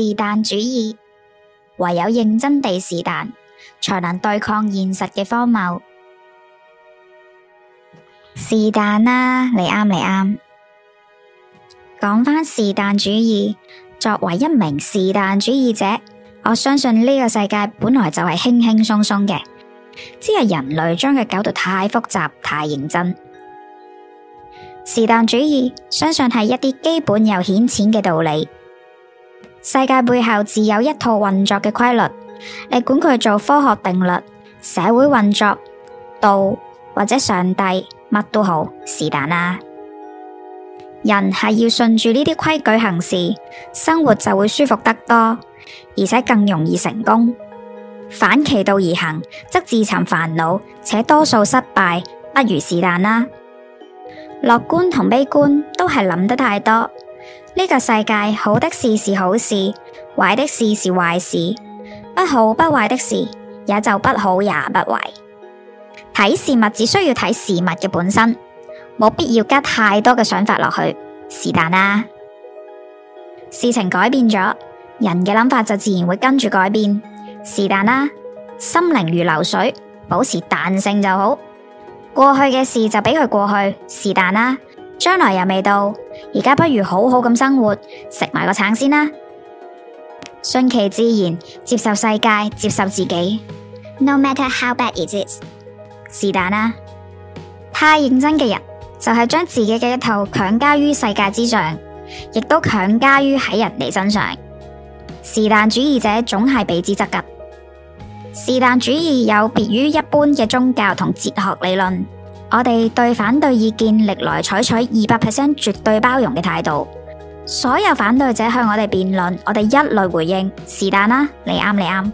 是旦主義，唯有認真地是旦，才能對抗現實嘅荒謬。是旦啦，你啱，你啱。講返是旦主義，作為一名是旦主義者，我相信呢個世界本來就係輕輕鬆鬆嘅，只係人類將佢搞到太複雜、太認真。是旦主義，相信係一啲基本又顯淺嘅道理。世界背後自有一套運作嘅規律，你管佢做科學定律、社會運作、道或者上帝，乜都好，是但啦。人係要順住呢啲規矩行事，生活就會舒服得多，而且更容易成功。反其道而行，則自尋煩惱，且多數失敗，不如是但啦。樂觀同悲觀都係諗得太多。呢個世界好的事是好事，壞的事是壞事，不好不壞的事也就不好也不壞。睇事物只需要睇事物嘅本身，冇必要加太多嘅想法落去，是旦啦。事情改變咗，人嘅諗法就自然會跟住改變，是旦啦。心靈如流水，保持彈性就好。過去嘅事就俾佢過去，是旦啦。將來又未到。而家不如好好咁生活，食埋個橙先啦。順其自然，接受世界，接受自己。No matter how bad it is，是但啦。太認真嘅人，就係、是、將自己嘅一套強加於世界之上，亦都強加於喺人哋身上。是旦主義者總係避之則吉。是旦主義有別於一般嘅宗教同哲學理論。我哋對反對意見歷來採取二百 percent 絕對包容嘅態度。所有反對者向我哋辯論，我哋一律回應，是旦啦，你啱你啱。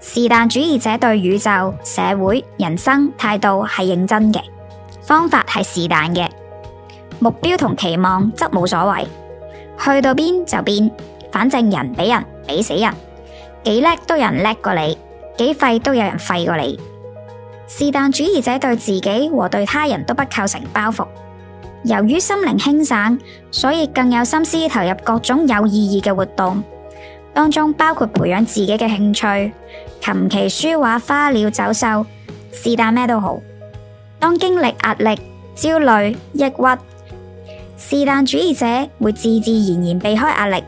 是旦主義者對宇宙、社會、人生態度係認真嘅，方法係是旦嘅，目標同期望則冇所謂。去到邊就變，反正人比人比死人，幾叻都有人叻過你，幾廢都有人廢過你。是旦主義者對自己和對他人都不構成包袱。由於心靈輕省，所以更有心思投入各種有意義嘅活動，當中包括培養自己嘅興趣，琴棋書畫、花鳥走獸，是旦咩都好。當經歷壓力、焦慮、抑鬱，是旦主義者會自自然然避開壓力，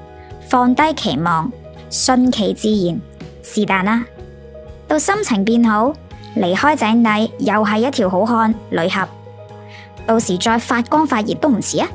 放低期望，順其自然，是旦啦。到心情變好。離開井底，又係一條好漢女俠，到時再發光發熱都唔遲啊！